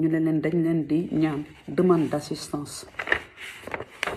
ñu ne leen dañ leen di ñaan demande d' assistance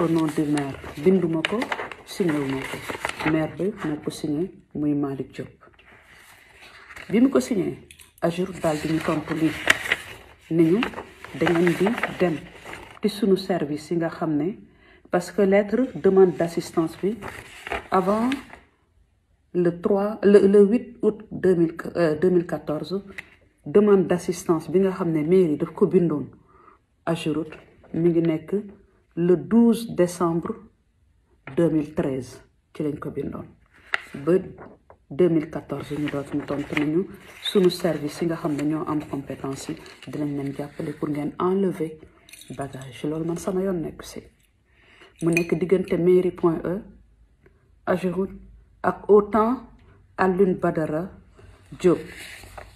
au du maire binduma ko signé wu ko maire bi moo ko signé muy Malick Diop bi mu ko signé Ajour daal di ñu tontu lii ni ñu da di dem ci sunu service yi nga xam ne parce que lettre demande d' bi avant le 3 le le 8 août 2014 demande d'assistance bi nga xam ne mairie daf ko bindoon Ageroute mi ngi nekk le 12 décembre 2013 ci lañ ko bindoon ba 2014 ñu dootuñu tontu nañu sunu service yi nga xam ne ñoo am compétence yi dinañ leen jàppale pour ngeen enlever bagage loolu man sama yoon nekk si mu nekk diggante mairie point E Ageroute ak autant Alioune Badara Diop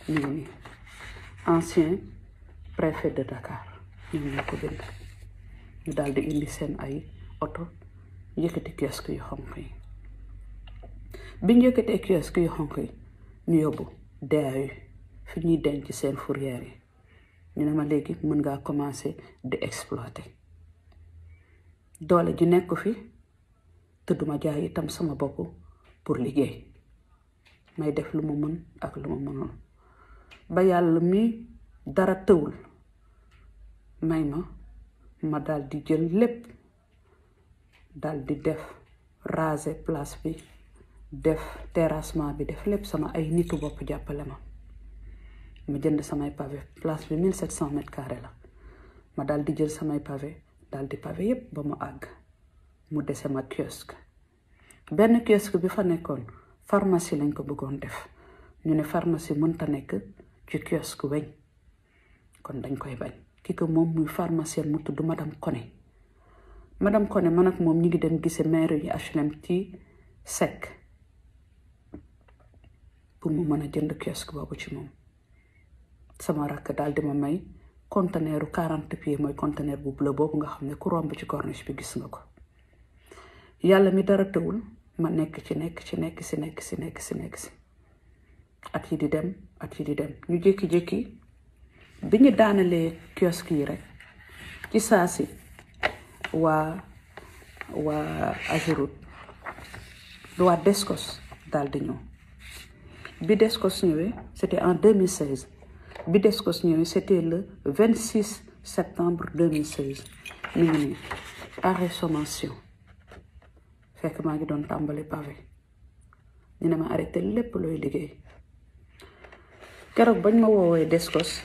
ñu ancien préfet de Dakar ñoom ñoo bind ñu daal di indi seen ay oto yëkkati kiosque yu xonq yi biñ yëkkatee kiosque yu xonq yi ñu yóbbu DAU fi ñuy denc seen fourrière yi ñu ne ma léegi mën ngaa commencer di exploiter doole ji nekk fi te duma jaay itam sama bopp pour liggéey may def lu ma mën ak lu ma mënul ba yàlla mi dara tëwul may ma ma dal di jël lépp dal di def raser place bi def terrassement bi def lépp sama ay nitu bopp jàppale ma ma jënd samay pavé place bi cent mètres carrés la ma dal di jël samay pavé dal di pavé yépp ba mu àgg mu dese ma kiosque benn kiosque bi fa nekkoon pharmacie lañ ko bëggoon def ñu ne pharmacie mënta nekk ci kiosque weñ kon dañ koy bañ ki ko moom muy pharmacienne mu tudd ma kone Koné madame Koné man nag moom ñi ngi dem gise maire yi HLM ci sec pour mu mën a jënd kiosque boobu ci moom sama rakk daal di ma may conteneuru quarante pieds mooy conteneur bu bleu boobu nga xam ne ku romb ci corniche bi gis nga ko yàlla mi dara tëwul ma nekk ci nekk ci nekk si nekk si nekk si nekk si at yi di dem at yi di dem ñu jékki-jékki bi ñu daanalee kiosque yi rek ci saasi si waa waa Ageroute waa Descos daal di ñëw bi Descos ñëwee c'était en 2016 bi Descos ñëwee c'était le 26 septembre 2016 mi ngi nii arrêt sommation fekk maa ngi doon tàmbali pavé ñu ne ma arrêté lépp looy liggéey keroog bañ ma woowee Descos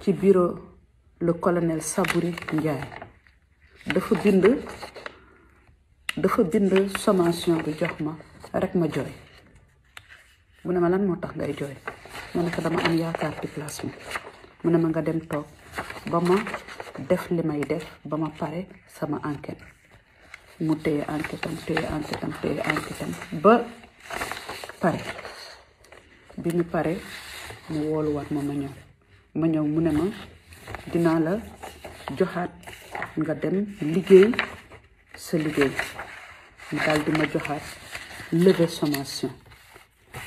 ci bureau la colonel Sabouri Ndiaye dafa bind dafa bind sommation bi jox ma rek ma jooy mu ne ma lan moo tax ngay jooy ma ne ko dama am yaakaar ci place mi mu ne ma nga dem toog ba ma def li may def ba ma pare sama enquête mu téye enquête am téye enquête am ba pare bi mu pare mu wooluwaat ma ma ñëw ma ñëw mu ne ma dinaa la joxaat nga dem liggéey sa liggéey mu daal di ma joxaat lever sommation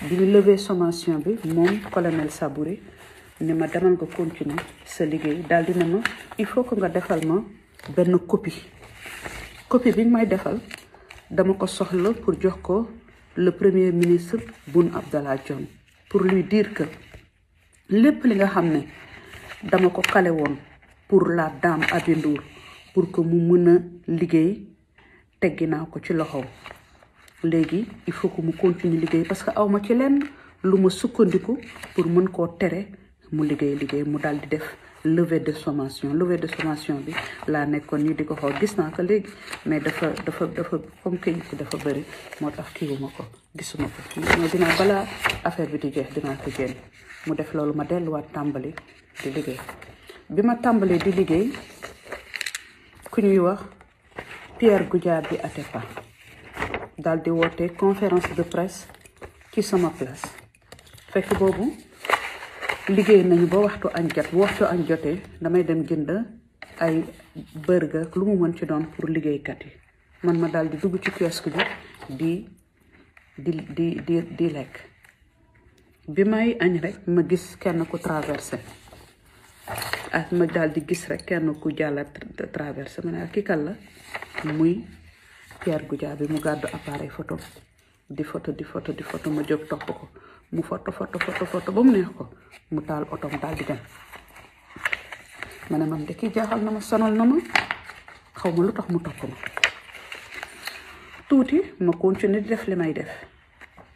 bi ñu lever sommation moom colonel Sabouré ne ma demal nga continuer sa liggéey daal di ne ma il faut que nga defal ma benn copie copie bi may defal dama ko soxla pour jox ko le premier ministre Boun Abdallah Dionne pour lui dire que lépp li nga xam ne dama ko kale woon pour la dame Aby Ndour pour que mu mën a liggéey teggi naa ko ci loxoom léegi il faut que mu continuer liggéey parce que awma ci leen lu ma sukkandiku pour mën koo tere mu liggéey liggéey mu daal di def levée de sommation levée de sommation bi laa nekkoon nii di ko xool gis naa ko léegi mais dafa dafa dafa comme que ci dafa bëri moo tax kiiwuma ko gisuma ko mais dinaa balaa affaire bi di jeex dinaa ko génn mu def loolu ma delluwaat tàmbali di liggéey bi ma tàmbalee di liggéey ku ñuy wax Pierre Goudiaby Atepa daal di woote conférence de presse ci sama place fekk boobu liggéey nañu ba waxtu añ jot waxtu añ jotee damay dem jënd ay burger lu mu mën ci doon pour liggéeykat yi man ma daal di dugg ci kiosque bi di di di di di lekk bi may añ rek ma gis kenn ku traversé ak ma daal di gis rek kenn ku jàlla traversé ma ne ak ah, ki kan la muy Pierre Goudiaby mu gàddu appareil photo di photo di photo di ma jóg topp ko mu foto foto foto ba mu neex ko mu taal otoom daal di dem ma ne man de kii jaaxal na ma sonal na ma xaw ma lu tax mu topp ma tuuti ma continuer di def li may def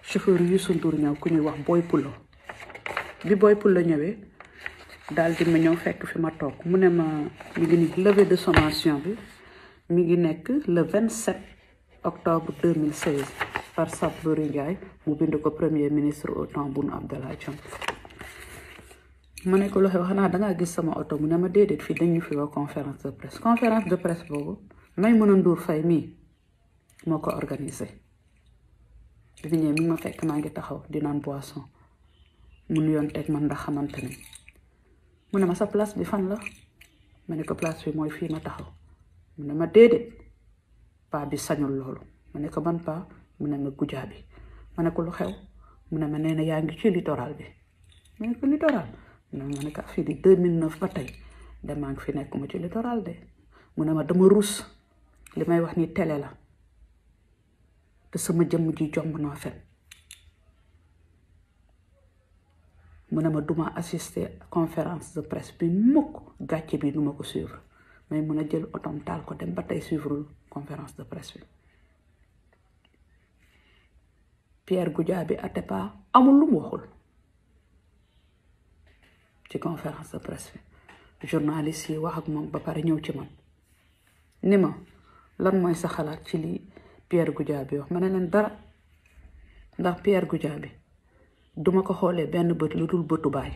chauffeur Youssou Ndour ñëw ku ñuy wax Boy Pulo bi Boy Pulo ñëwee daal di ma ñëw fekk fi ma toog mu ne ma mi ngi nii levée de sommation bi mi ngi nekk le 27 octobre 2016. par Sapburi Njaay mu bind ko premier ministre au temps Boun Abdallah Dionne ma ne ko loo xanaa dangaa gis sama oto mu ne ma déedéet fii dañu fi woo conférence de de presse boobu ngay mën fay mii moo ko organisé bi ñëwee ma fekk maa ngi taxaw di naan boisson mun yoon teg man ndax xamante ni mu ne ma sa place bi fan la ma ne ko place bi mooy fii ma taxaw mu ne ma déedéet paa bi sañul loolu ma ne ko man paa mu ne ma Goudiaby ma ne ko lu xew mu ne ma nee na yaa ngi ci littoral bi ma ne ko littoral mu ne ma ne ko ah, fii ngi fi nekk ma ci littoral de mu ne ma dama ruus li may wax ni tele la te sama jëmm ji jomb naa fen mu ne ma duma assister conférence de presse bi mukk gàcce bi ma ko suivre mais mun a jël otom taal ko dem ba tey suivre conférence de presse bi Pierre Goudiaby Atepa amul lu mu waxul ci conférence de presse bi yi wax ak moom ba pare ñëw ci man ni ma lan mooy sa xalaat ci li Pierre Goudiaby wax ma ne leen dara ndax Pierre du ma ko xoolee benn bët lu dul bëtu baay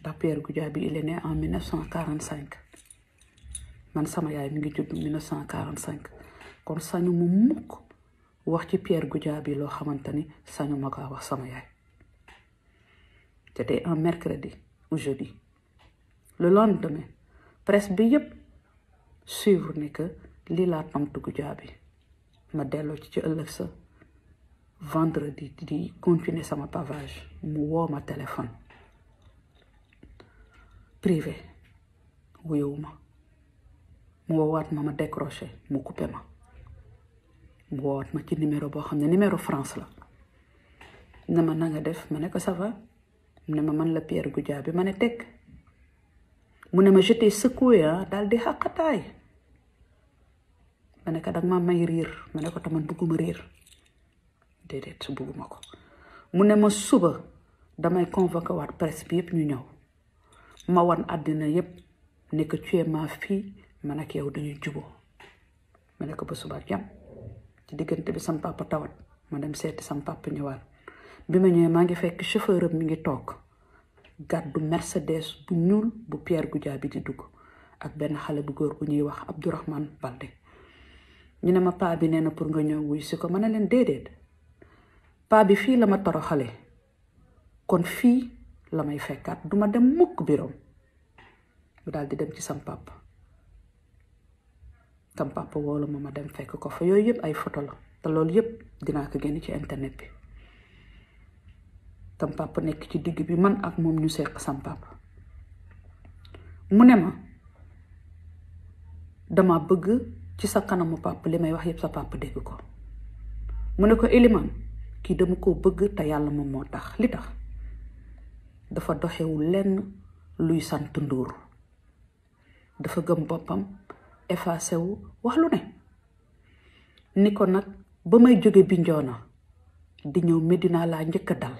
ndax Pierre Goudiaby il est né en 1945 man sama yaay mi ngi judd 1945 kon sañu mu mukk wax ci Pierre Goudiaby loo xamante ni sañu ma kaa wax sama yaay c'était un mercredi ou jeudi le lendemain presse bi yëpp suivre ni lii laa tontu Goudiaby ma delloo ci ci ëllëg sa vendredi di continuer sama pavage mu woo ma téléphone privé wuyuwu ma mu woowaat ma ma décroché mu coupé woot ma ci numéro boo xam ne numéro France la ne ma na def ma ne ko ça ne ma man la Pierre bi ma ne teg mu ne ma jeté secoué daal di xàqataay ma ne ko danga ma may riir ma ne ko taman bugguma riir déedéet bugguma ko mu ne ma suba damay convoqué waat presse yëpp ñu ñëw ma wan àddina yëpp ne ko tu es ma fille man ak yow dañuy juboo ma ne ko ba suba jàmm ci diggante bi sam papa tawat ma dem seeti sam papa ñëwaat bi ma ñëwee maa ngi fekk chauffeur mi ngi toog gàddu Mercedes bu ñuul bu Pierre bi di dugg ak benn xale bu góor bu ñuy wax Abdourahmane Balde ñu ne ma paa bi nee na pour nga ñëw wuy si ko ma ne leen déedéet paa bi fii la ma xale kon fii la may fekkaat duma dem mukk biroom mu daal di dem ci sam tam papa woolu ma ma dem fekk ko fa yooyu yëpp ay photo la te loolu yëpp dinaa ko génn ci internet bi tam nekk ci digg bi man ak moom ñu seq sam mu ne ma dama bëgg ci sa kanamu papa li may wax yëpp sa papa dégg ko mu ne ko Eliman kii dama koo bëgg te yàlla moom moo tax li tax dafa doxewul lenn luy sant nduur dafa gëm boppam effacé wu wax ne ni ko nag ba may jóge binjoona di ñëw Medina laa njëkk a dal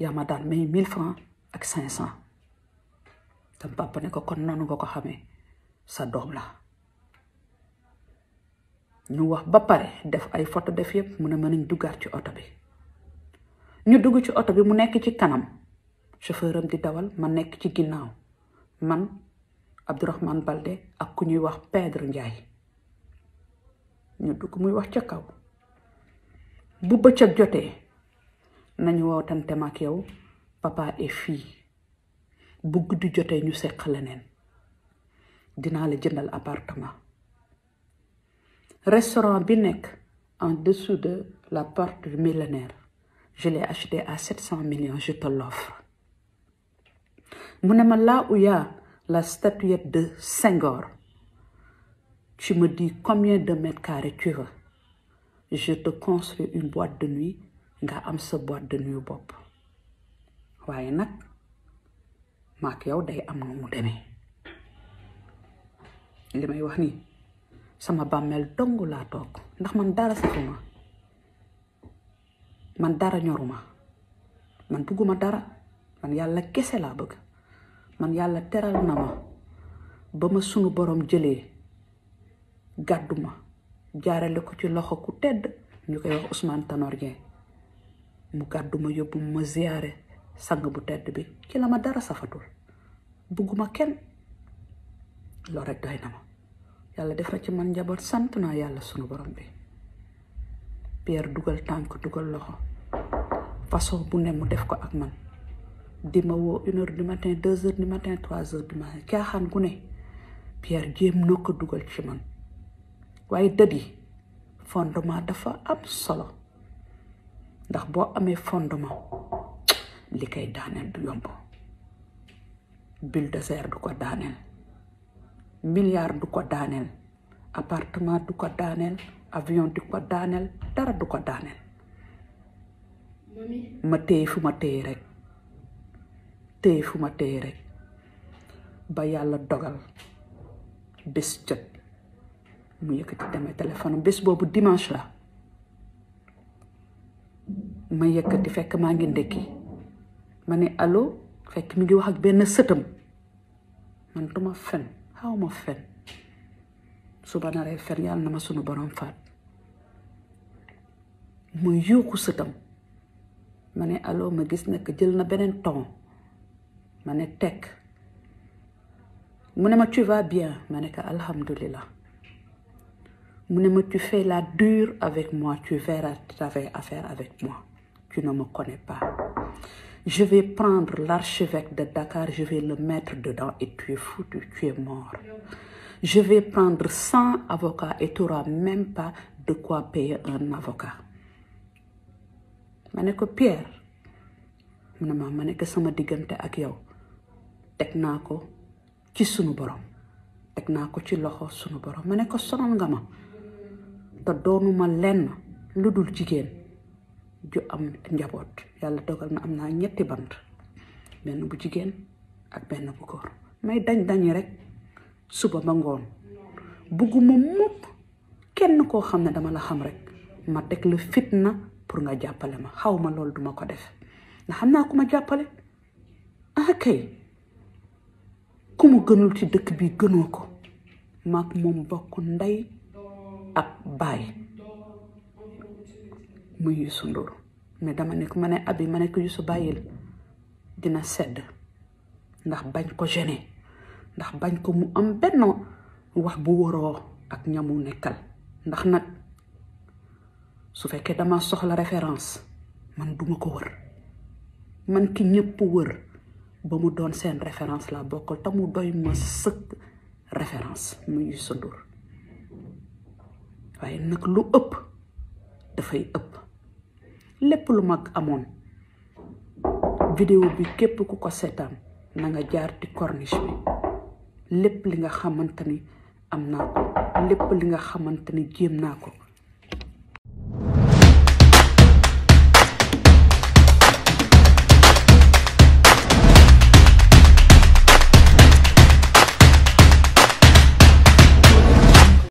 yaa ma may mille francs ak cinq cent tam papa ne ko kon noonu ko xamee sa doom la ñu wax ba pare def ay photo def yëpp mu ne mën nañ duggaat ci oto bi ñu dugg ci oto bi mu nekk ci kanam chauffeur am di dawal ma nekk ci ginnaaw man Abdourahmane Balde ak ku ñuy wax Pedre Ndiaye ñu dugg muy wax ca kaw bu bëccëg jotee nañu wootante ma ak yow papa et fille bu guddi jotee ñu seq leneen dinaa la jëndal appartement restaurant bi nekk en dessous de la porte du millénaire je l'ai acheté à sept cent million je te l'offre mu ne ma laa uyaa la statuette de Senghor. Tu me dis combien de mètres carrés tu Je te construis une boîte de nuit nga am sa boîte de nuit bopp waaye nag maak yow day am na mu demee li may wax nii sama bàmmeel dong laa toog ndax man dara saxuma man dara ñoruma man bugguma dara man yàlla kese laa bëgg man yàlla teral na ma ba ma sunu borom jëlee gàdduma jaarale ko ci loxo ku tedd ñu koy wax Ousmane Tanor mu gàddu ma yóbbu ma ziyaare sang bu tedd bi ci la ma dara safatul bugguma kenn loolu day doy na ma yàlla def na ci man njaboot sant naa yàlla sunu borom bi Pierre dugal tànk dugal loxo façon bu ne mu def ko ak man di ma woo une heure du matin deux heures du matin trois heures du matin caaxaan gu Pierre jéem noo ko dugal ci man waaye dëdd fondement dafa am solo ndax boo amee fondement li koy daaneel du yomb bulldozer du ko daaneel milliard du ko daaneel appartement du ko daaneel avion du ko daaneel dara du ko daaneel ma téye fu ma téye rek téye fu ma téye rek ba yàlla dogal bés jot mu yëkkati demee téléphone bés boobu dimanche la ma yëkkati fekk maa ngi ndekki ma ne allo fekk mi ngi wax ak benn sëtam man duma fen xaw ma fen suba naree fen yàlla na ma sunu borom faat muy yuuxu sëtam ma ne allo ma gis nekk jël na beneen ton ma ne tekk mu ne ma tu vas bien ma ne ko alhamdulilah mu ne ma tu fais la dure avec moi tu verras tu avais affaire avec moi tu ne me connais pas je vais prendre l'archevêque de Dakar je vais le mettre dedans et tu es foutu tu es mort je vais prendre cent avocats et tu n'auras même pas de quoi payer un avocat ma ne ko Pierre mu ne ma ma ne ko sama diggante ak yow teg naa ko ci sunu borom teg naa ko ci loxo sunu borom ma ne ko sonal nga ma te doonuma lenn lu dul jigéen ju am njaboot yàlla dogal na am naa ñetti bant benn bu jigéen ak benn bu góor may dañ dañi rek suba ba ngoon bugguma mukk kenn koo xam ne dama la xam rek ma teg la fitt na pour nga jàppale ma xaw ma loolu duma ko def ndax xam naa jàppale ah kay ku mu gënul ci dëkk bi gënoo ko maag moom bokk ndey ak baay muy Youssou Ndour mais dama nekk ma ne abi ma ne ko bàyyil dina sedd ndax bañ ko gêné ndax bañ ko mu am benn wax bu waroo ak ñamu nekkal ndax nag su fekkee dama soxla référence man duma ko wër man ki ñëpp wër ba mu doon seen référence la bokkal te mu doy ma sëkk référence muy Youssou waaye nag lu ëpp dafay ëpp lépp lu mag amoon vidéo bi képp ku ko seetaan na nga jaar ci corniche bi lépp li nga xamante ni am naa ko lépp li nga xamante ni jéem naa ko